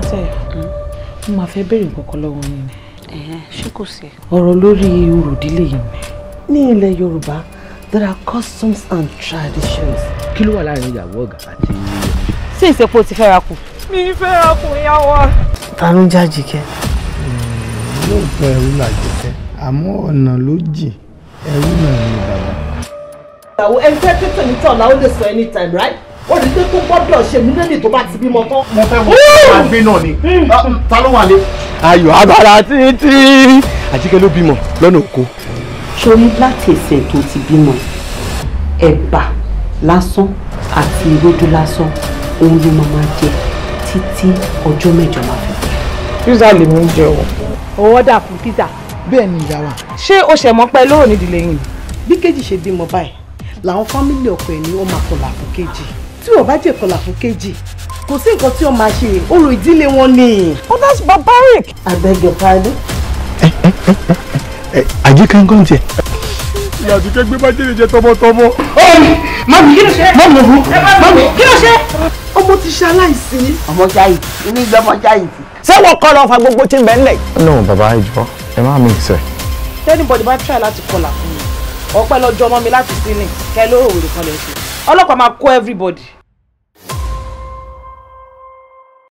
àtẹ̀yà mo máa fẹ́ béèrè nǹkan kan lọ́wọ́ yín ni. ṣé kò sí. ọ̀rọ̀ lórí orò yìí ni. ní ilẹ̀ yorùbá there are customs and traditions. kí ló wà láàrin ìyàwó ọ̀gá àti. ṣé ìsepò ti fẹ́ ra kù. mi fẹ́ ra kù yá wa. ta ló yóò gbọ́ ẹrú làjẹkẹ́ àmọ́ ọ̀nà ló jìn ẹrú náà ni bàbá. ìyàwó ẹni tẹ́ pípẹ́ nítọ̀ làwọn lè sọ anytime right ó ti dé tó gbọ́dọ̀ ṣe mí lẹ́yìn tó bá ti bímọ tán. mo fẹ́ mọ àgbẹ̀ náà ni hmm. Ah, hmm, ta ló wà lé. ayọ̀ abala títí àjíkẹ́ ló bímọ lọ́nà oko. sori láti ẹsẹ̀ tó ti bímọ ẹ̀bà lásán àti ìrojú lásán òun ló máa máa jẹ títí ọjọ́ mẹ́jọ máa fi kú. pizza lè mú jẹ o. owó dà fún pizza. bẹ́ẹ̀ ni ìyá wa. ṣé o ṣẹ̀ mọ́ pẹ́ lóòrùn ìdílé yìí. bí kejì ṣe bímọ báyìí làwọn fámìlì ọkọ ẹ̀ ni ó máa kọlà fún kejì tí ò bá jẹ̀kọ̀là fún kejì kò sí nǹkan tí ó máa ṣe orò ìdílé wọn ni. oh that's barbaric. I beg your pardon. ẹ ẹ ẹ ẹ àjíkẹ́ ń gọ́ǹtì ẹ̀. àjíkẹ́ gbé májèlé jẹ tọmọtọmọ. ọ̀hún oh, mami kí ló ṣe. Eh, mami òhun mami kí ló ṣe. ọmọ ti ṣe aláìsí. ọmọ jáì inú ìgbà ọmọ jáì. ṣé wọn kọ́ lọ fa gbogbo tí ń bẹ ńlẹ̀. no bàbá ìjọ ẹ má mi sẹ. tẹ́nibọ̀dì bá tíráì láti kọlà fún mi ọ̀pẹ́ lọ́jọ́ ọmọ mi láti sílẹ̀ kẹ́ ló rò wèrè kan lè ọlọ́pàá máa kó everybody.